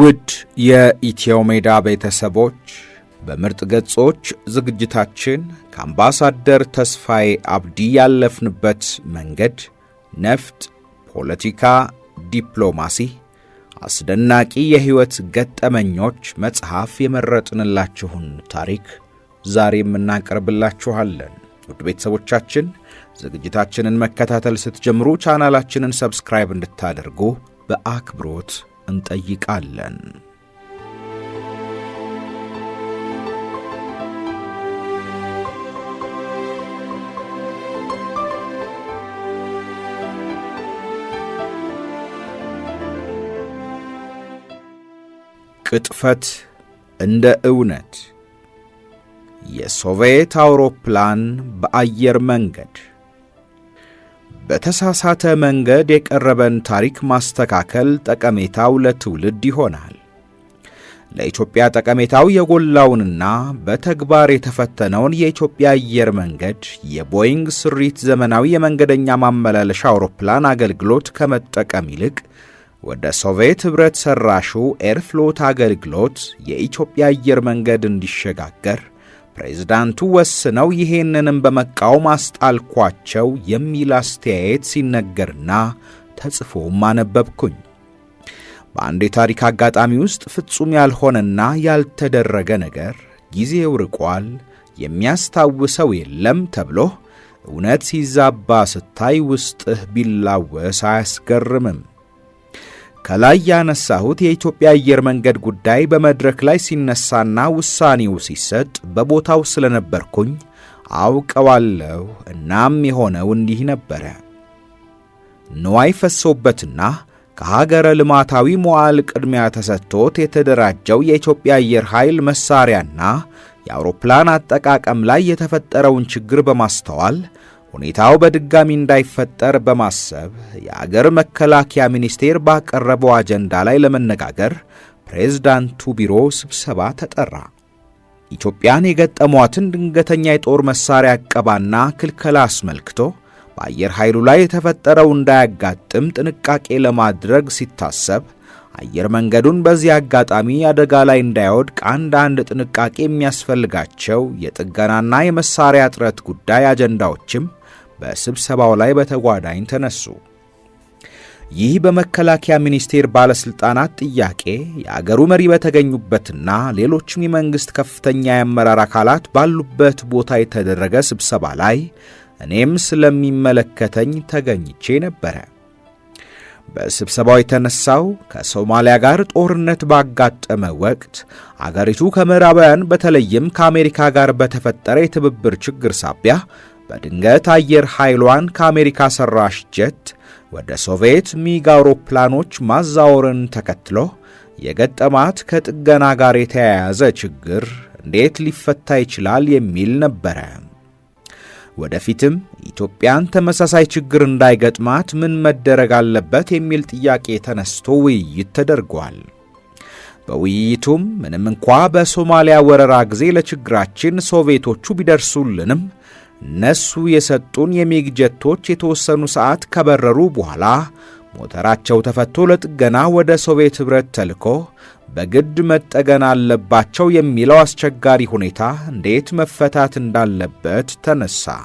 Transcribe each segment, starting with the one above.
ውድ የኢትዮ ሜዳ ቤተሰቦች በምርጥ ገጾች ዝግጅታችን ከአምባሳደር ተስፋዬ አብዲ ያለፍንበት መንገድ ነፍጥ፣ ፖለቲካ፣ ዲፕሎማሲ፣ አስደናቂ የሕይወት ገጠመኞች መጽሐፍ የመረጥንላችሁን ታሪክ ዛሬም እናቀርብላችኋለን። ውድ ቤተሰቦቻችን ዝግጅታችንን መከታተል ስትጀምሩ ቻናላችንን ሰብስክራይብ እንድታደርጉ በአክብሮት እንጠይቃለን። ቅጥፈት እንደ እውነት የሶቪየት አውሮፕላን በአየር መንገድ በተሳሳተ መንገድ የቀረበን ታሪክ ማስተካከል ጠቀሜታው ለትውልድ ይሆናል። ለኢትዮጵያ ጠቀሜታው የጎላውንና በተግባር የተፈተነውን የኢትዮጵያ አየር መንገድ የቦይንግ ስሪት ዘመናዊ የመንገደኛ ማመላለሻ አውሮፕላን አገልግሎት ከመጠቀም ይልቅ ወደ ሶቪየት ኅብረት ሠራሹ ኤርፍሎት አገልግሎት የኢትዮጵያ አየር መንገድ እንዲሸጋገር ፕሬዝዳንቱ ወስነው ይሄንንም በመቃወም አስጣልኳቸው የሚል አስተያየት ሲነገርና ተጽፎም አነበብኩኝ። በአንድ የታሪክ አጋጣሚ ውስጥ ፍጹም ያልሆነና ያልተደረገ ነገር ጊዜው ርቋል፣ የሚያስታውሰው የለም ተብሎ እውነት ሲዛባ ስታይ ውስጥህ ቢላወስ አያስገርምም። ከላይ ያነሳሁት የኢትዮጵያ አየር መንገድ ጉዳይ በመድረክ ላይ ሲነሳና ውሳኔው ሲሰጥ በቦታው ስለነበርኩኝ አውቀዋለሁ። እናም የሆነው እንዲህ ነበረ። ንዋይ ፈሶበትና ከሀገረ ልማታዊ መዋል ቅድሚያ ተሰጥቶት የተደራጀው የኢትዮጵያ አየር ኃይል መሳሪያና የአውሮፕላን አጠቃቀም ላይ የተፈጠረውን ችግር በማስተዋል ሁኔታው በድጋሚ እንዳይፈጠር በማሰብ የአገር መከላከያ ሚኒስቴር ባቀረበው አጀንዳ ላይ ለመነጋገር ፕሬዝዳንቱ ቢሮ ስብሰባ ተጠራ። ኢትዮጵያን የገጠሟትን ድንገተኛ የጦር መሳሪያ አቀባና ክልከላ አስመልክቶ በአየር ኃይሉ ላይ የተፈጠረው እንዳያጋጥም ጥንቃቄ ለማድረግ ሲታሰብ አየር መንገዱን በዚህ አጋጣሚ አደጋ ላይ እንዳይወድቅ አንዳንድ ጥንቃቄ የሚያስፈልጋቸው የጥገናና የመሳሪያ እጥረት ጉዳይ አጀንዳዎችም በስብሰባው ላይ በተጓዳኝ ተነሱ። ይህ በመከላከያ ሚኒስቴር ባለሥልጣናት ጥያቄ የአገሩ መሪ በተገኙበትና ሌሎችም የመንግሥት ከፍተኛ የአመራር አካላት ባሉበት ቦታ የተደረገ ስብሰባ ላይ እኔም ስለሚመለከተኝ ተገኝቼ ነበረ። በስብሰባው የተነሳው ከሶማሊያ ጋር ጦርነት ባጋጠመ ወቅት አገሪቱ ከምዕራባውያን በተለይም ከአሜሪካ ጋር በተፈጠረ የትብብር ችግር ሳቢያ በድንገት አየር ኃይሏን ከአሜሪካ ሠራሽ ጀት ወደ ሶቪየት ሚግ አውሮፕላኖች ማዛወርን ተከትሎ የገጠማት ከጥገና ጋር የተያያዘ ችግር እንዴት ሊፈታ ይችላል የሚል ነበረ። ወደፊትም ኢትዮጵያን ተመሳሳይ ችግር እንዳይገጥማት ምን መደረግ አለበት የሚል ጥያቄ ተነስቶ ውይይት ተደርጓል። በውይይቱም ምንም እንኳ በሶማሊያ ወረራ ጊዜ ለችግራችን ሶቪየቶቹ ቢደርሱልንም እነሱ የሰጡን የሚግ ጀቶች የተወሰኑ ሰዓት ከበረሩ በኋላ ሞተራቸው ተፈቶ ለጥገና ወደ ሶቪየት ኅብረት ተልኮ በግድ መጠገን አለባቸው የሚለው አስቸጋሪ ሁኔታ እንዴት መፈታት እንዳለበት ተነሳ።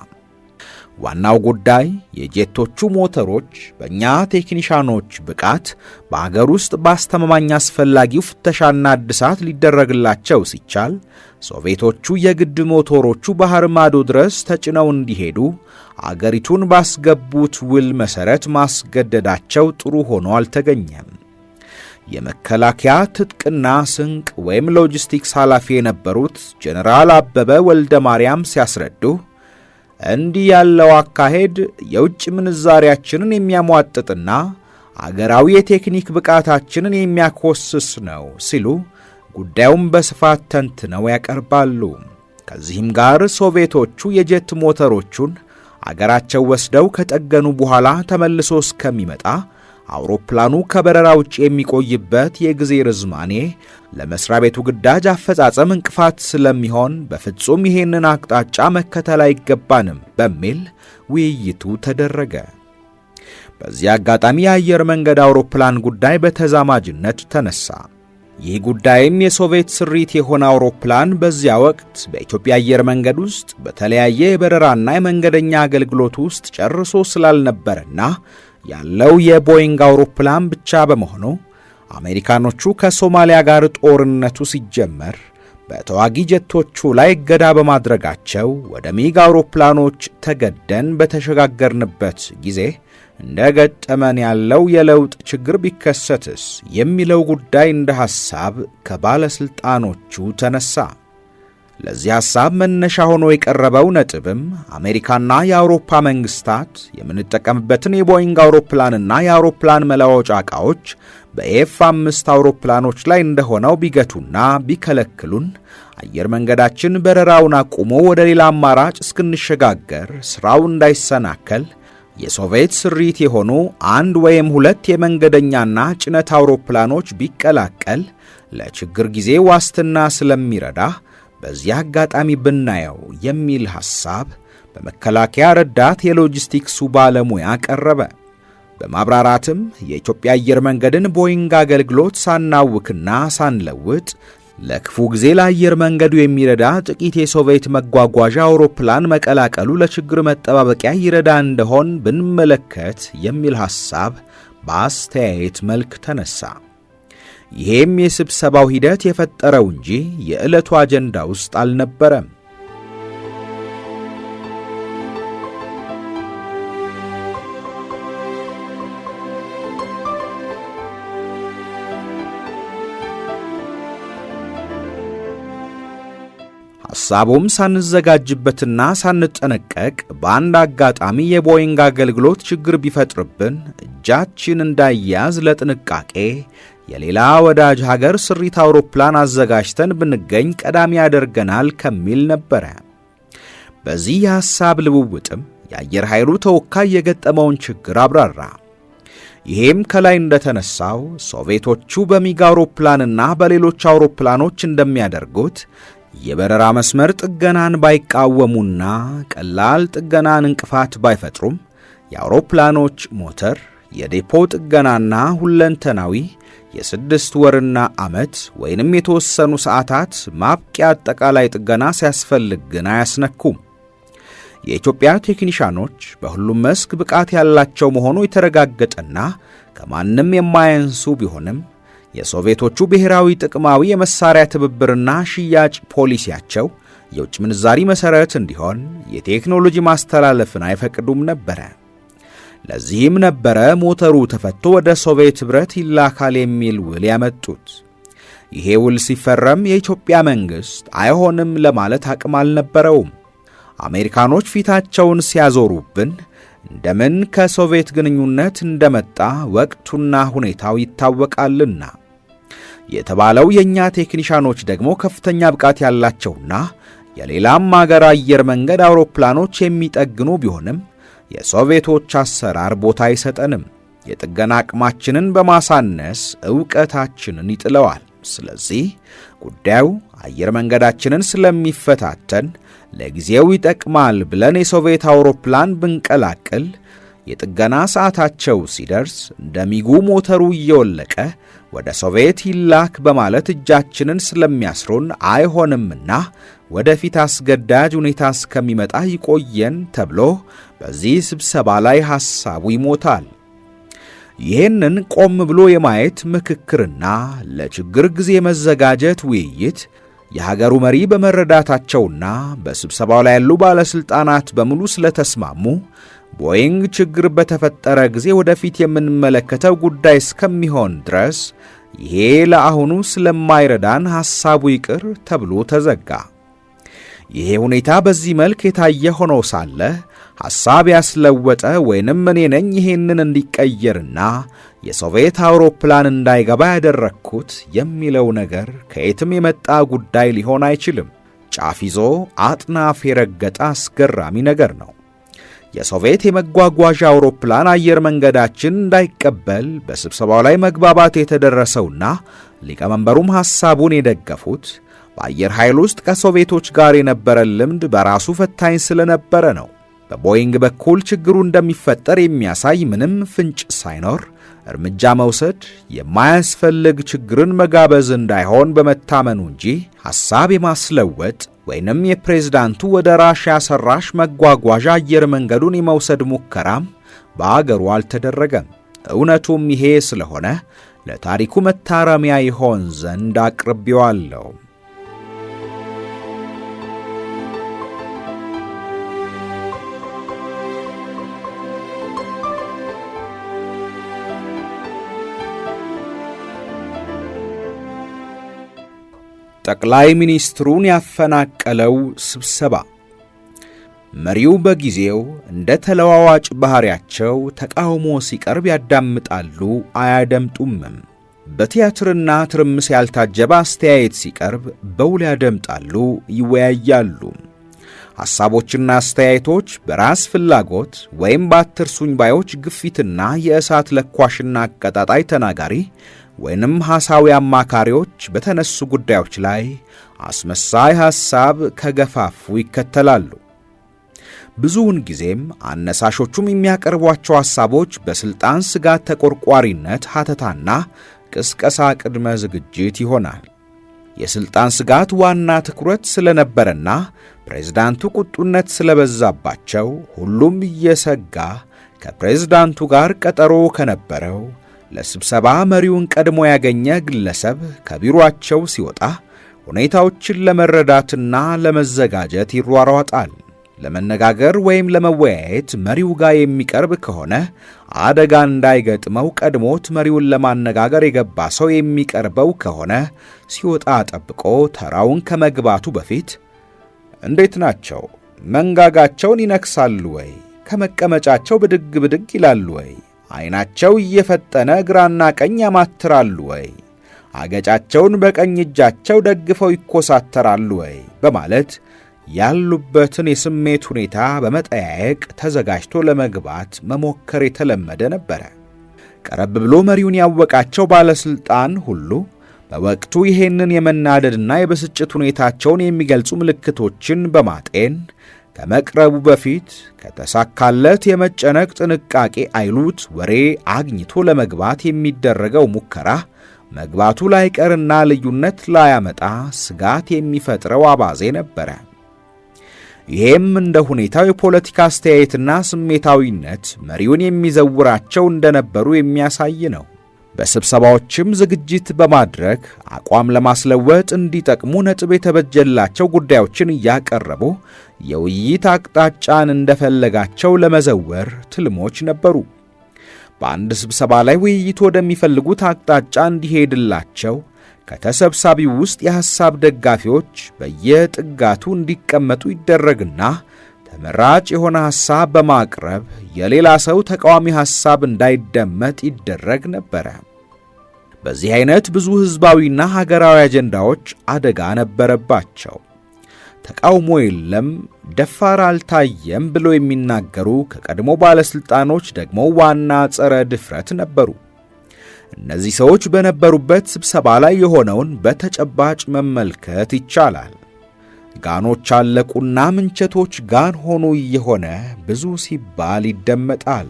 ዋናው ጉዳይ የጄቶቹ ሞተሮች በእኛ ቴክኒሻኖች ብቃት በአገር ውስጥ በአስተማማኝ አስፈላጊው ፍተሻና እድሳት ሊደረግላቸው ሲቻል ሶቪየቶቹ የግድ ሞተሮቹ ባህር ማዶ ድረስ ተጭነው እንዲሄዱ አገሪቱን ባስገቡት ውል መሠረት ማስገደዳቸው ጥሩ ሆኖ አልተገኘም። የመከላከያ ትጥቅና ስንቅ ወይም ሎጂስቲክስ ኃላፊ የነበሩት ጀኔራል አበበ ወልደ ማርያም ሲያስረዱ እንዲህ ያለው አካሄድ የውጭ ምንዛሪያችንን የሚያሟጥጥና አገራዊ የቴክኒክ ብቃታችንን የሚያኮስስ ነው ሲሉ ጉዳዩን በስፋት ተንትነው ያቀርባሉ። ከዚህም ጋር ሶቪየቶቹ የጀት ሞተሮቹን አገራቸው ወስደው ከጠገኑ በኋላ ተመልሶ እስከሚመጣ አውሮፕላኑ ከበረራ ውጭ የሚቆይበት የጊዜ ርዝማኔ ለመስሪያ ቤቱ ግዳጅ አፈጻጸም እንቅፋት ስለሚሆን በፍጹም ይሄንን አቅጣጫ መከተል አይገባንም በሚል ውይይቱ ተደረገ። በዚህ አጋጣሚ የአየር መንገድ አውሮፕላን ጉዳይ በተዛማጅነት ተነሳ። ይህ ጉዳይም የሶቪየት ስሪት የሆነ አውሮፕላን በዚያ ወቅት በኢትዮጵያ አየር መንገድ ውስጥ በተለያየ የበረራና የመንገደኛ አገልግሎት ውስጥ ጨርሶ ስላልነበረና ያለው የቦይንግ አውሮፕላን ብቻ በመሆኑ አሜሪካኖቹ ከሶማሊያ ጋር ጦርነቱ ሲጀመር በተዋጊ ጀቶቹ ላይ እገዳ በማድረጋቸው ወደ ሚግ አውሮፕላኖች ተገደን በተሸጋገርንበት ጊዜ እንደ ገጠመን ያለው የለውጥ ችግር ቢከሰትስ የሚለው ጉዳይ እንደ ሐሳብ ከባለሥልጣኖቹ ተነሳ። ለዚህ ሐሳብ መነሻ ሆኖ የቀረበው ነጥብም አሜሪካና የአውሮፓ መንግስታት የምንጠቀምበትን የቦይንግ አውሮፕላንና የአውሮፕላን መለዋወጫ ዕቃዎች በኤፍ አምስት አውሮፕላኖች ላይ እንደሆነው ቢገቱና ቢከለክሉን አየር መንገዳችን በረራውን አቁሞ ወደ ሌላ አማራጭ እስክንሸጋገር ሥራው እንዳይሰናከል የሶቪየት ስሪት የሆኑ አንድ ወይም ሁለት የመንገደኛና ጭነት አውሮፕላኖች ቢቀላቀል ለችግር ጊዜ ዋስትና ስለሚረዳ በዚህ አጋጣሚ ብናየው የሚል ሐሳብ በመከላከያ ረዳት የሎጂስቲክሱ ባለሙያ ቀረበ። በማብራራትም የኢትዮጵያ አየር መንገድን ቦይንግ አገልግሎት ሳናውክና ሳንለውጥ ለክፉ ጊዜ ለአየር መንገዱ የሚረዳ ጥቂት የሶቪየት መጓጓዣ አውሮፕላን መቀላቀሉ ለችግር መጠባበቂያ ይረዳ እንደሆን ብንመለከት የሚል ሐሳብ በአስተያየት መልክ ተነሳ። ይሄም የስብሰባው ሂደት የፈጠረው እንጂ የዕለቱ አጀንዳ ውስጥ አልነበረም። ሐሳቡም ሳንዘጋጅበትና ሳንጠነቀቅ በአንድ አጋጣሚ የቦይንግ አገልግሎት ችግር ቢፈጥርብን እጃችን እንዳያዝ ለጥንቃቄ የሌላ ወዳጅ ሀገር ስሪት አውሮፕላን አዘጋጅተን ብንገኝ ቀዳሚ ያደርገናል ከሚል ነበረ። በዚህ የሐሳብ ልውውጥም የአየር ኃይሉ ተወካይ የገጠመውን ችግር አብራራ። ይህም ከላይ እንደተነሳው ሶቪየቶቹ በሚግ አውሮፕላንና በሌሎች አውሮፕላኖች እንደሚያደርጉት የበረራ መስመር ጥገናን ባይቃወሙና ቀላል ጥገናን እንቅፋት ባይፈጥሩም የአውሮፕላኖች ሞተር፣ የዴፖ ጥገናና ሁለንተናዊ የስድስት ወርና ዓመት ወይንም የተወሰኑ ሰዓታት ማብቂያ አጠቃላይ ጥገና ሲያስፈልግ ግን አያስነኩም። የኢትዮጵያ ቴክኒሻኖች በሁሉም መስክ ብቃት ያላቸው መሆኑ የተረጋገጠና ከማንም የማያንሱ ቢሆንም የሶቪየቶቹ ብሔራዊ ጥቅማዊ የመሳሪያ ትብብርና ሽያጭ ፖሊሲያቸው የውጭ ምንዛሪ መሠረት እንዲሆን የቴክኖሎጂ ማስተላለፍን አይፈቅዱም ነበረ። ለዚህም ነበረ ሞተሩ ተፈቶ ወደ ሶቪየት ኅብረት ይላካል የሚል ውል ያመጡት። ይሄ ውል ሲፈረም የኢትዮጵያ መንግሥት አይሆንም ለማለት አቅም አልነበረውም። አሜሪካኖች ፊታቸውን ሲያዞሩብን እንደምን ከሶቪየት ግንኙነት እንደመጣ ወቅቱና ሁኔታው ይታወቃልና የተባለው የእኛ ቴክኒሻኖች ደግሞ ከፍተኛ ብቃት ያላቸውና የሌላም አገር አየር መንገድ አውሮፕላኖች የሚጠግኑ ቢሆንም የሶቪየቶች አሰራር ቦታ አይሰጠንም። የጥገና አቅማችንን በማሳነስ ዕውቀታችንን ይጥለዋል። ስለዚህ ጉዳዩ አየር መንገዳችንን ስለሚፈታተን ለጊዜው ይጠቅማል ብለን የሶቪየት አውሮፕላን ብንቀላቅል የጥገና ሰዓታቸው ሲደርስ እንደ ሚጉ ሞተሩ እየወለቀ ወደ ሶቪየት ይላክ በማለት እጃችንን ስለሚያስሩን አይሆንምና ወደፊት አስገዳጅ ሁኔታ እስከሚመጣ ይቆየን ተብሎ በዚህ ስብሰባ ላይ ሐሳቡ ይሞታል። ይህንን ቆም ብሎ የማየት ምክክርና ለችግር ጊዜ መዘጋጀት ውይይት የሀገሩ መሪ በመረዳታቸውና በስብሰባው ላይ ያሉ ባለሥልጣናት በሙሉ ስለተስማሙ ቦይንግ ችግር በተፈጠረ ጊዜ ወደፊት የምንመለከተው ጉዳይ እስከሚሆን ድረስ ይሄ ለአሁኑ ስለማይረዳን ሐሳቡ ይቅር ተብሎ ተዘጋ። ይሄ ሁኔታ በዚህ መልክ የታየ ሆኖ ሳለ ሐሳብ ያስለወጠ ወይንም እኔ ነኝ ይሄንን እንዲቀየርና የሶቪየት አውሮፕላን እንዳይገባ ያደረግኩት የሚለው ነገር ከየትም የመጣ ጉዳይ ሊሆን አይችልም። ጫፍ ይዞ አጥናፍ የረገጠ አስገራሚ ነገር ነው። የሶቪየት የመጓጓዣ አውሮፕላን አየር መንገዳችን እንዳይቀበል በስብሰባው ላይ መግባባት የተደረሰውና ሊቀመንበሩም ሐሳቡን የደገፉት በአየር ኃይል ውስጥ ከሶቪየቶች ጋር የነበረን ልምድ በራሱ ፈታኝ ስለነበረ ነው። በቦይንግ በኩል ችግሩ እንደሚፈጠር የሚያሳይ ምንም ፍንጭ ሳይኖር እርምጃ መውሰድ የማያስፈልግ ችግርን መጋበዝ እንዳይሆን በመታመኑ እንጂ ሐሳብ የማስለወጥ ወይንም የፕሬዝዳንቱ ወደ ራሽያ ሰራሽ መጓጓዣ አየር መንገዱን የመውሰድ ሙከራም በአገሩ አልተደረገም። እውነቱም ይሄ ስለሆነ ለታሪኩ መታረሚያ ይሆን ዘንድ አቅርቤዋለሁ። ጠቅላይ ሚኒስትሩን ያፈናቀለው ስብሰባ መሪው በጊዜው እንደ ተለዋዋጭ ባሕሪያቸው ተቃውሞ ሲቀርብ ያዳምጣሉ፣ አያደምጡምም። በቲያትርና ትርምስ ያልታጀበ አስተያየት ሲቀርብ በውል ያደምጣሉ፣ ይወያያሉ። ሐሳቦችና አስተያየቶች በራስ ፍላጎት ወይም በአትርሱኝ ባዮች ግፊትና የእሳት ለኳሽና አቀጣጣይ ተናጋሪ ወይንም ሐሳዊ አማካሪዎች በተነሱ ጉዳዮች ላይ አስመሳይ ሐሳብ ከገፋፉ ይከተላሉ። ብዙውን ጊዜም አነሳሾቹም የሚያቀርቧቸው ሐሳቦች በሥልጣን ስጋት፣ ተቆርቋሪነት፣ ሐተታና ቅስቀሳ ቅድመ ዝግጅት ይሆናል። የሥልጣን ስጋት ዋና ትኩረት ስለነበረና ፕሬዝዳንቱ ቁጡነት ስለበዛባቸው ሁሉም እየሰጋ ከፕሬዝዳንቱ ጋር ቀጠሮ ከነበረው ለስብሰባ መሪውን ቀድሞ ያገኘ ግለሰብ ከቢሮአቸው ሲወጣ ሁኔታዎችን ለመረዳትና ለመዘጋጀት ይሯሯጣል። ለመነጋገር ወይም ለመወያየት መሪው ጋር የሚቀርብ ከሆነ አደጋ እንዳይገጥመው ቀድሞት መሪውን ለማነጋገር የገባ ሰው የሚቀርበው ከሆነ ሲወጣ ጠብቆ ተራውን ከመግባቱ በፊት እንዴት ናቸው? መንጋጋቸውን ይነክሳሉ ወይ? ከመቀመጫቸው ብድግ ብድግ ይላሉ ወይ? ዐይናቸው እየፈጠነ ግራና ቀኝ ያማትራሉ ወይ? አገጫቸውን በቀኝ እጃቸው ደግፈው ይኮሳተራሉ ወይ? በማለት ያሉበትን የስሜት ሁኔታ በመጠያየቅ ተዘጋጅቶ ለመግባት መሞከር የተለመደ ነበረ። ቀረብ ብሎ መሪውን ያወቃቸው ባለሥልጣን ሁሉ በወቅቱ ይሄንን የመናደድና የብስጭት ሁኔታቸውን የሚገልጹ ምልክቶችን በማጤን ከመቅረቡ በፊት ከተሳካለት የመጨነቅ ጥንቃቄ አይሉት ወሬ አግኝቶ ለመግባት የሚደረገው ሙከራ መግባቱ ላይቀርና ልዩነት ላያመጣ ስጋት የሚፈጥረው አባዜ ነበረ። ይህም እንደ ሁኔታው የፖለቲካ አስተያየትና ስሜታዊነት መሪውን የሚዘውራቸው እንደነበሩ የሚያሳይ ነው። በስብሰባዎችም ዝግጅት በማድረግ አቋም ለማስለወጥ እንዲጠቅሙ ነጥብ የተበጀላቸው ጉዳዮችን እያቀረቡ የውይይት አቅጣጫን እንደፈለጋቸው ለመዘወር ትልሞች ነበሩ። በአንድ ስብሰባ ላይ ውይይቱ ወደሚፈልጉት አቅጣጫ እንዲሄድላቸው ከተሰብሳቢው ውስጥ የሐሳብ ደጋፊዎች በየጥጋቱ እንዲቀመጡ ይደረግና ተመራጭ የሆነ ሐሳብ በማቅረብ የሌላ ሰው ተቃዋሚ ሐሳብ እንዳይደመጥ ይደረግ ነበረ። በዚህ አይነት ብዙ ሕዝባዊና ሀገራዊ አጀንዳዎች አደጋ ነበረባቸው። ተቃውሞ የለም፣ ደፋር አልታየም ብለው የሚናገሩ ከቀድሞ ባለሥልጣኖች ደግሞ ዋና ጸረ ድፍረት ነበሩ። እነዚህ ሰዎች በነበሩበት ስብሰባ ላይ የሆነውን በተጨባጭ መመልከት ይቻላል። ጋኖች አለቁና ምንቸቶች ጋን ሆኑ እየሆነ ብዙ ሲባል ይደመጣል።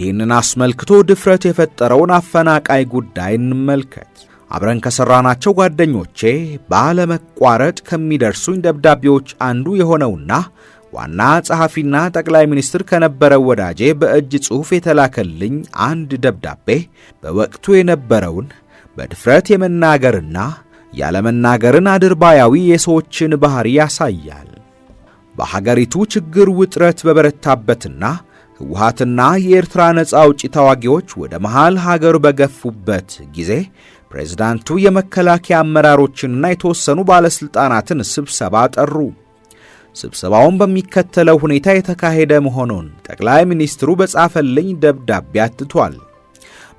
ይህንን አስመልክቶ ድፍረት የፈጠረውን አፈናቃይ ጉዳይ እንመልከት። አብረን ከሠራናቸው ጓደኞቼ ባለመቋረጥ ከሚደርሱኝ ደብዳቤዎች አንዱ የሆነውና ዋና ጸሐፊና ጠቅላይ ሚኒስትር ከነበረው ወዳጄ በእጅ ጽሑፍ የተላከልኝ አንድ ደብዳቤ በወቅቱ የነበረውን በድፍረት የመናገርና ያለመናገርን አድርባያዊ የሰዎችን ባሕሪ ያሳያል። በሀገሪቱ ችግር ውጥረት በበረታበትና ህወሓትና የኤርትራ ነፃ አውጪ ታዋጊዎች ወደ መሃል ሀገር በገፉበት ጊዜ ፕሬዝዳንቱ የመከላከያ አመራሮችንና የተወሰኑ ባለሥልጣናትን ስብሰባ ጠሩ። ስብሰባውን በሚከተለው ሁኔታ የተካሄደ መሆኑን ጠቅላይ ሚኒስትሩ በጻፈልኝ ደብዳቤ አትቷል።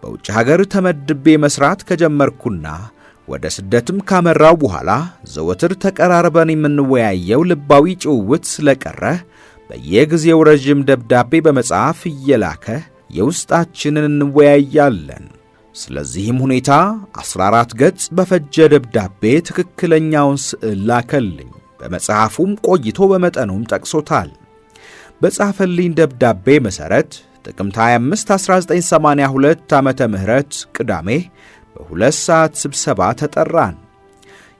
በውጭ ሀገር ተመድቤ መሥራት ከጀመርኩና ወደ ስደትም ካመራው በኋላ ዘወትር ተቀራርበን የምንወያየው ልባዊ ጭውውት ስለቀረ በየጊዜው ረዥም ደብዳቤ በመጽሐፍ እየላከ የውስጣችንን እንወያያለን። ስለዚህም ሁኔታ ዐሥራ አራት ገጽ በፈጀ ደብዳቤ ትክክለኛውን ስዕል ላከልኝ። በመጽሐፉም ቆይቶ በመጠኑም ጠቅሶታል። በጻፈልኝ ደብዳቤ መሠረት ጥቅምት 25 1982 ዓ ም ቅዳሜ በሁለት ሰዓት ስብሰባ ተጠራን።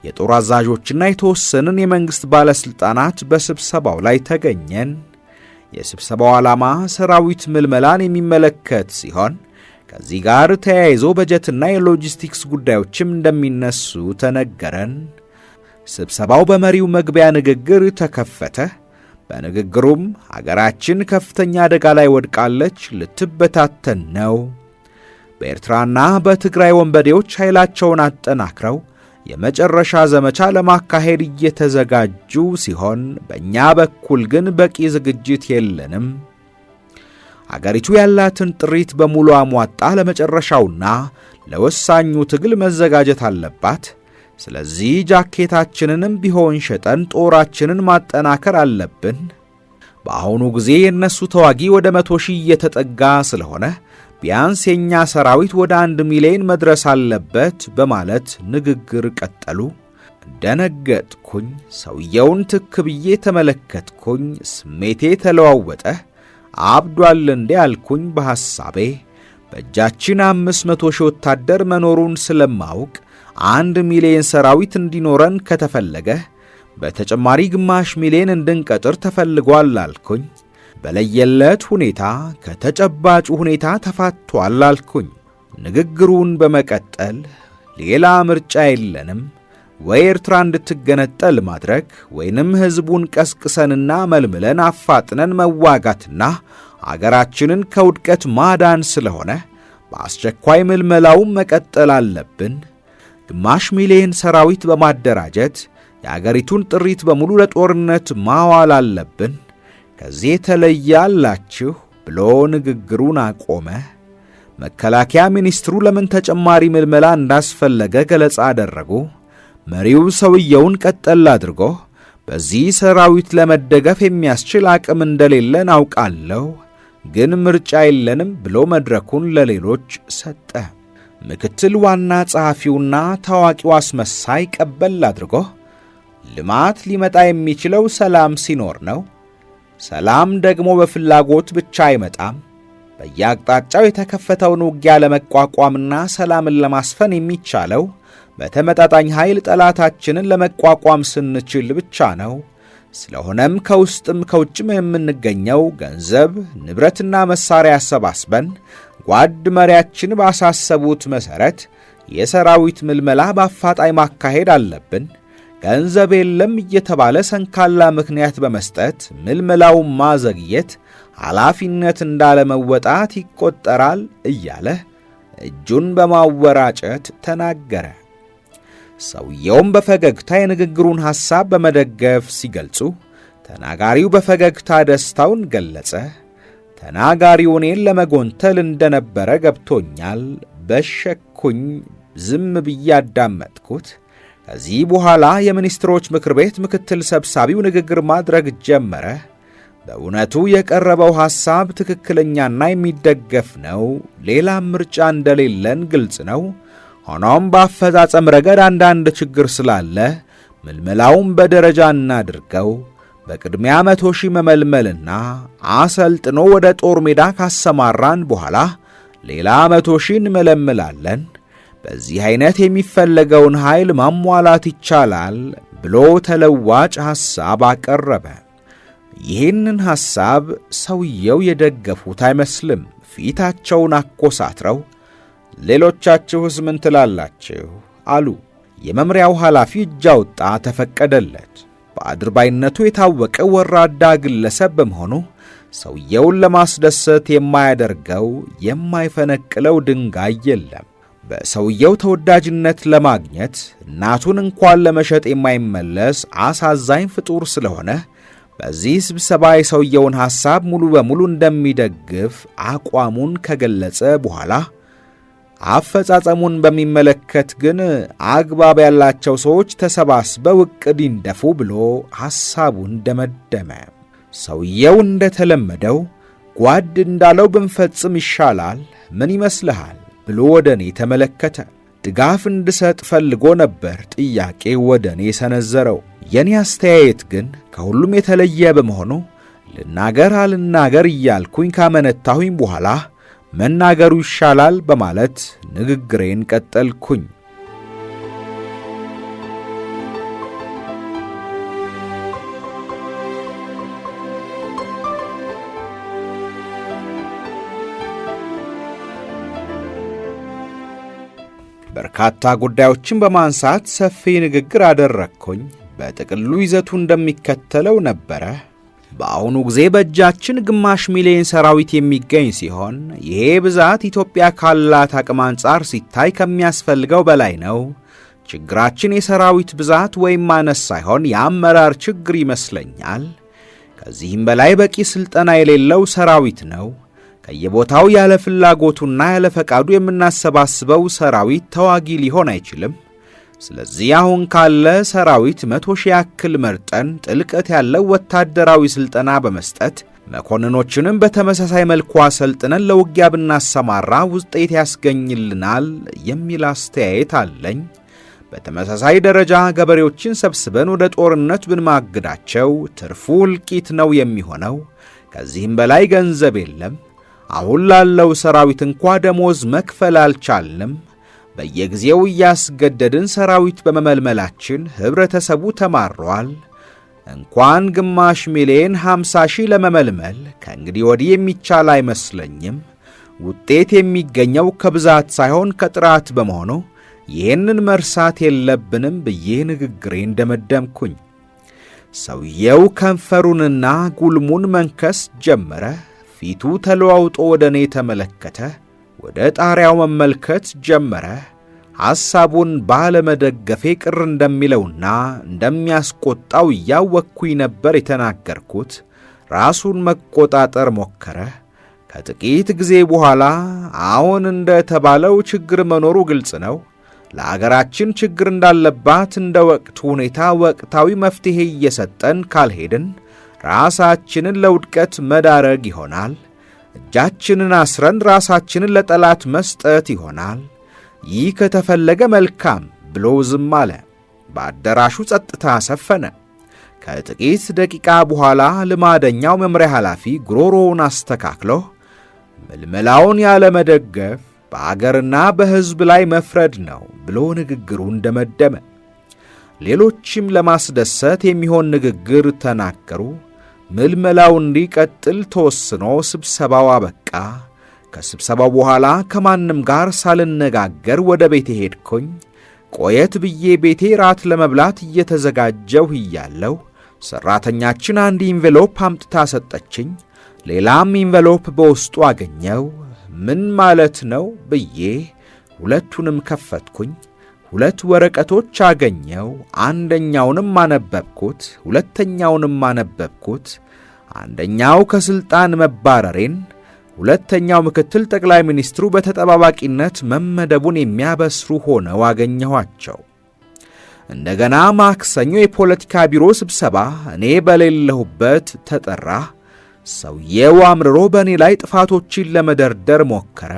የጦር አዛዦችና የተወሰንን የመንግሥት ባለሥልጣናት በስብሰባው ላይ ተገኘን። የስብሰባው ዓላማ ሰራዊት ምልመላን የሚመለከት ሲሆን ከዚህ ጋር ተያይዞ በጀትና የሎጂስቲክስ ጉዳዮችም እንደሚነሱ ተነገረን። ስብሰባው በመሪው መግቢያ ንግግር ተከፈተ። በንግግሩም ሀገራችን ከፍተኛ አደጋ ላይ ወድቃለች፣ ልትበታተን ነው። በኤርትራና በትግራይ ወንበዴዎች ኃይላቸውን አጠናክረው የመጨረሻ ዘመቻ ለማካሄድ እየተዘጋጁ ሲሆን በእኛ በኩል ግን በቂ ዝግጅት የለንም። አገሪቱ ያላትን ጥሪት በሙሉ አሟጣ ለመጨረሻውና ለወሳኙ ትግል መዘጋጀት አለባት። ስለዚህ ጃኬታችንንም ቢሆን ሸጠን ጦራችንን ማጠናከር አለብን። በአሁኑ ጊዜ የእነሱ ተዋጊ ወደ መቶ ሺህ እየተጠጋ ስለሆነ ቢያንስ የእኛ ሰራዊት ወደ አንድ ሚሊዮን መድረስ አለበት በማለት ንግግር ቀጠሉ። ደነገጥኩኝ። ሰውየውን ትክ ብዬ ተመለከትኩኝ። ስሜቴ ተለዋወጠ። አብዷል እንዴ አልኩኝ በሐሳቤ። በእጃችን አምስት መቶ ሺህ ወታደር መኖሩን ስለማውቅ አንድ ሚሊዮን ሰራዊት እንዲኖረን ከተፈለገ በተጨማሪ ግማሽ ሚሊዮን እንድንቀጥር ተፈልጓል አልኩኝ። በለየለት ሁኔታ ከተጨባጩ ሁኔታ ተፋቷል አልኩኝ። ንግግሩን በመቀጠል ሌላ ምርጫ የለንም ወይ ኤርትራ እንድትገነጠል ማድረግ ወይንም ሕዝቡን ቀስቅሰንና መልምለን አፋጥነን መዋጋትና አገራችንን ከውድቀት ማዳን ስለሆነ በአስቸኳይ ምልመላውም መቀጠል አለብን። ግማሽ ሚሊየን ሰራዊት በማደራጀት የአገሪቱን ጥሪት በሙሉ ለጦርነት ማዋል አለብን። ከዚህ ተለያላችሁ ብሎ ንግግሩን አቆመ። መከላከያ ሚኒስትሩ ለምን ተጨማሪ ምልመላ እንዳስፈለገ ገለጻ አደረጉ። መሪው ሰውየውን ቀጠል አድርጎ በዚህ ሰራዊት ለመደገፍ የሚያስችል አቅም እንደሌለ አውቃለሁ ግን ምርጫ የለንም ብሎ መድረኩን ለሌሎች ሰጠ። ምክትል ዋና ጸሐፊውና ታዋቂው አስመሳይ ቀበል አድርጎ ልማት ሊመጣ የሚችለው ሰላም ሲኖር ነው ሰላም ደግሞ በፍላጎት ብቻ አይመጣም። በየአቅጣጫው የተከፈተውን ውጊያ ለመቋቋምና ሰላምን ለማስፈን የሚቻለው በተመጣጣኝ ኃይል ጠላታችንን ለመቋቋም ስንችል ብቻ ነው። ስለሆነም ከውስጥም ከውጭም የምንገኘው ገንዘብ፣ ንብረትና መሳሪያ አሰባስበን ጓድ መሪያችን ባሳሰቡት መሠረት የሰራዊት ምልመላ በአፋጣኝ ማካሄድ አለብን። ገንዘብ የለም እየተባለ ሰንካላ ምክንያት በመስጠት ምልመላው ማዘግየት ኃላፊነት እንዳለመወጣት ይቆጠራል እያለ እጁን በማወራጨት ተናገረ። ሰውየውም በፈገግታ የንግግሩን ሐሳብ በመደገፍ ሲገልጹ፣ ተናጋሪው በፈገግታ ደስታውን ገለጸ። ተናጋሪው እኔን ለመጎንተል እንደነበረ ገብቶኛል። በሸኩኝ ዝም ብዬ አዳመጥኩት። ከዚህ በኋላ የሚኒስትሮች ምክር ቤት ምክትል ሰብሳቢው ንግግር ማድረግ ጀመረ። በእውነቱ የቀረበው ሐሳብ ትክክለኛና የሚደገፍ ነው፣ ሌላም ምርጫ እንደሌለን ግልጽ ነው። ሆኖም በአፈጻጸም ረገድ አንዳንድ ችግር ስላለ ምልመላውን በደረጃ እናድርገው። በቅድሚያ መቶ ሺህ መመልመልና አሰልጥኖ ወደ ጦር ሜዳ ካሰማራን በኋላ ሌላ መቶ ሺህ እንመለምላለን። በዚህ አይነት የሚፈለገውን ኃይል ማሟላት ይቻላል ብሎ ተለዋጭ ሐሳብ አቀረበ። ይህንን ሐሳብ ሰውየው የደገፉት አይመስልም። ፊታቸውን አኮሳትረው ሌሎቻችሁስ ምን ትላላችሁ አሉ። የመምሪያው ኃላፊ እጅ አውጣ ተፈቀደለት። በአድርባይነቱ የታወቀ ወራዳ ግለሰብ በመሆኑ ሰውየውን ለማስደሰት የማያደርገው የማይፈነቅለው ድንጋይ የለም። በሰውየው ተወዳጅነት ለማግኘት እናቱን እንኳን ለመሸጥ የማይመለስ አሳዛኝ ፍጡር ስለሆነ በዚህ ስብሰባ የሰውየውን ሐሳብ ሙሉ በሙሉ እንደሚደግፍ አቋሙን ከገለጸ በኋላ አፈጻጸሙን በሚመለከት ግን አግባብ ያላቸው ሰዎች ተሰባስበው ዕቅድ ይንደፉ ብሎ ሐሳቡን ደመደመ። ሰውየው እንደተለመደው ጓድ እንዳለው ብንፈጽም ይሻላል፣ ምን ይመስልሃል ብሎ ወደ እኔ ተመለከተ። ድጋፍ እንድሰጥ ፈልጎ ነበር ጥያቄ ወደ እኔ የሰነዘረው። የእኔ አስተያየት ግን ከሁሉም የተለየ በመሆኑ ልናገር አልናገር እያልኩኝ ካመነታሁኝ በኋላ መናገሩ ይሻላል በማለት ንግግሬን ቀጠልኩኝ። በርካታ ጉዳዮችን በማንሳት ሰፊ ንግግር አደረግኩኝ። በጥቅሉ ይዘቱ እንደሚከተለው ነበረ። በአሁኑ ጊዜ በእጃችን ግማሽ ሚሊዮን ሰራዊት የሚገኝ ሲሆን ይሄ ብዛት ኢትዮጵያ ካላት አቅም አንጻር ሲታይ ከሚያስፈልገው በላይ ነው። ችግራችን የሰራዊት ብዛት ወይም ማነስ ሳይሆን የአመራር ችግር ይመስለኛል። ከዚህም በላይ በቂ ሥልጠና የሌለው ሰራዊት ነው። ከየቦታው ያለ ፍላጎቱና ያለ ፈቃዱ የምናሰባስበው ሰራዊት ተዋጊ ሊሆን አይችልም። ስለዚህ አሁን ካለ ሰራዊት መቶ ሺህ ያክል መርጠን ጥልቀት ያለው ወታደራዊ ሥልጠና በመስጠት መኮንኖችንም በተመሳሳይ መልኩ አሰልጥነን ለውጊያ ብናሰማራ ውጤት ያስገኝልናል የሚል አስተያየት አለኝ። በተመሳሳይ ደረጃ ገበሬዎችን ሰብስበን ወደ ጦርነት ብንማግዳቸው ትርፉ እልቂት ነው የሚሆነው። ከዚህም በላይ ገንዘብ የለም። አሁን ላለው ሰራዊት እንኳ ደሞዝ መክፈል አልቻልንም። በየጊዜው እያስገደድን ሰራዊት በመመልመላችን ኅብረተሰቡ ተማሯል። እንኳን ግማሽ ሚሊዮን ሃምሳ ሺህ ለመመልመል ከእንግዲህ ወዲህ የሚቻል አይመስለኝም። ውጤት የሚገኘው ከብዛት ሳይሆን ከጥራት በመሆኑ ይህንን መርሳት የለብንም ብዬ ንግግሬ እንደመደምኩኝ ሰውየው ከንፈሩንና ጉልሙን መንከስ ጀመረ። ፊቱ ተለዋውጦ ወደ እኔ ተመለከተ፣ ወደ ጣሪያው መመልከት ጀመረ። ሐሳቡን ባለመደገፌ ቅር እንደሚለውና እንደሚያስቆጣው እያወቅኩኝ ነበር የተናገርኩት። ራሱን መቆጣጠር ሞከረ። ከጥቂት ጊዜ በኋላ አሁን እንደ ተባለው ችግር መኖሩ ግልጽ ነው። ለአገራችን ችግር እንዳለባት እንደ ወቅቱ ሁኔታ ወቅታዊ መፍትሔ እየሰጠን ካልሄድን ራሳችንን ለውድቀት መዳረግ ይሆናል። እጃችንን አስረን ራሳችንን ለጠላት መስጠት ይሆናል። ይህ ከተፈለገ መልካም ብሎ ዝም አለ። በአዳራሹ ጸጥታ ሰፈነ። ከጥቂት ደቂቃ በኋላ ልማደኛው መምሪያ ኃላፊ ጉሮሮውን አስተካክሎ ምልመላውን ያለመደገፍ በአገርና በሕዝብ ላይ መፍረድ ነው ብሎ ንግግሩን ደመደመ። ሌሎችም ለማስደሰት የሚሆን ንግግር ተናገሩ። ምልመላው እንዲቀጥል ተወስኖ ስብሰባው አበቃ። ከስብሰባው በኋላ ከማንም ጋር ሳልነጋገር ወደ ቤቴ ሄድኩኝ። ቆየት ብዬ ቤቴ ራት ለመብላት እየተዘጋጀሁ እያለሁ ሠራተኛችን አንድ ኢንቬሎፕ አምጥታ ሰጠችኝ። ሌላም ኢንቬሎፕ በውስጡ አገኘው። ምን ማለት ነው ብዬ ሁለቱንም ከፈትኩኝ። ሁለት ወረቀቶች አገኘው። አንደኛውንም አነበብኩት፣ ሁለተኛውንም አነበብኩት። አንደኛው ከሥልጣን መባረሬን፣ ሁለተኛው ምክትል ጠቅላይ ሚኒስትሩ በተጠባባቂነት መመደቡን የሚያበስሩ ሆነው አገኘኋቸው። እንደገና ማክሰኞ የፖለቲካ ቢሮ ስብሰባ እኔ በሌለሁበት ተጠራ። ሰውየው አምርሮ በእኔ ላይ ጥፋቶችን ለመደርደር ሞከረ።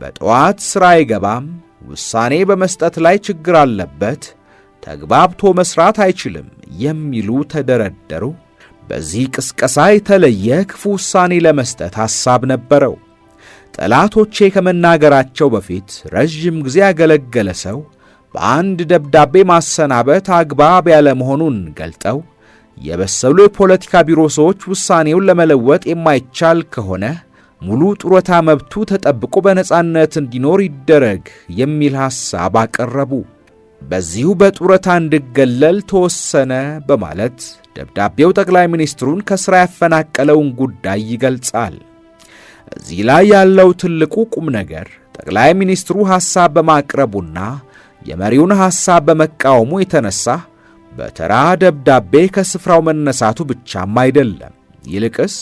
በጠዋት ሥራ አይገባም። ውሳኔ በመስጠት ላይ ችግር አለበት፣ ተግባብቶ መስራት አይችልም የሚሉ ተደረደሩ። በዚህ ቅስቀሳ የተለየ ክፉ ውሳኔ ለመስጠት ሐሳብ ነበረው። ጠላቶቼ ከመናገራቸው በፊት ረዥም ጊዜ ያገለገለ ሰው በአንድ ደብዳቤ ማሰናበት አግባብ ያለ መሆኑን ገልጠው የበሰሉ የፖለቲካ ቢሮ ሰዎች ውሳኔውን ለመለወጥ የማይቻል ከሆነ ሙሉ ጡረታ መብቱ ተጠብቆ በነጻነት እንዲኖር ይደረግ የሚል ሐሳብ አቀረቡ። በዚሁ በጡረታ እንዲገለል ተወሰነ በማለት ደብዳቤው ጠቅላይ ሚኒስትሩን ከሥራ ያፈናቀለውን ጉዳይ ይገልጻል። እዚህ ላይ ያለው ትልቁ ቁም ነገር ጠቅላይ ሚኒስትሩ ሐሳብ በማቅረቡና የመሪውን ሐሳብ በመቃወሙ የተነሳ በተራ ደብዳቤ ከስፍራው መነሳቱ ብቻም አይደለም። ይልቅስ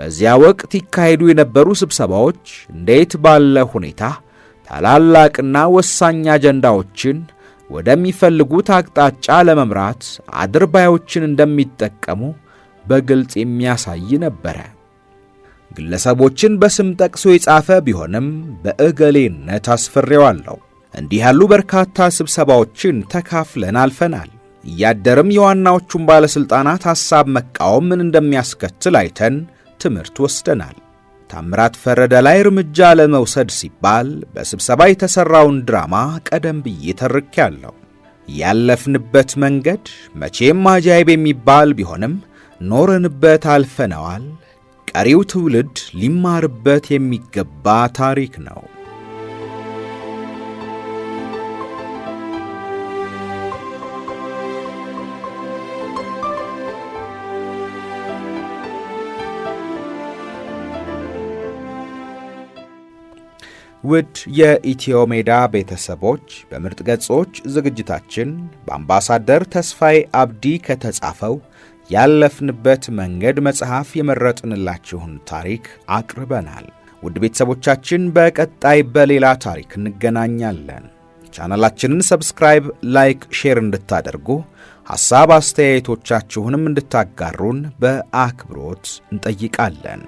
በዚያ ወቅት ይካሄዱ የነበሩ ስብሰባዎች እንዴት ባለ ሁኔታ ታላላቅና ወሳኝ አጀንዳዎችን ወደሚፈልጉት አቅጣጫ ለመምራት አድርባዮችን እንደሚጠቀሙ በግልጽ የሚያሳይ ነበረ። ግለሰቦችን በስም ጠቅሶ የጻፈ ቢሆንም በእገሌነት አስፍሬዋለሁ። እንዲህ ያሉ በርካታ ስብሰባዎችን ተካፍለን አልፈናል። እያደርም የዋናዎቹን ባለሥልጣናት ሐሳብ መቃወም ምን እንደሚያስከትል አይተን ትምህርት ወስደናል። ታምራት ፈረደ ላይ እርምጃ ለመውሰድ ሲባል በስብሰባ የተሠራውን ድራማ ቀደም ብዬ ያለው። ያለፍንበት መንገድ መቼም አጃይብ የሚባል ቢሆንም ኖረንበት አልፈነዋል። ቀሪው ትውልድ ሊማርበት የሚገባ ታሪክ ነው። ውድ የኢትዮ ሜዳ ቤተሰቦች በምርጥ ገጾች ዝግጅታችን በአምባሳደር ተስፋዬ አብዲ ከተጻፈው ያለፍንበት መንገድ መጽሐፍ የመረጥንላችሁን ታሪክ አቅርበናል። ውድ ቤተሰቦቻችን በቀጣይ በሌላ ታሪክ እንገናኛለን። ቻናላችንን ሰብስክራይብ፣ ላይክ፣ ሼር እንድታደርጉ ሐሳብ አስተያየቶቻችሁንም እንድታጋሩን በአክብሮት እንጠይቃለን።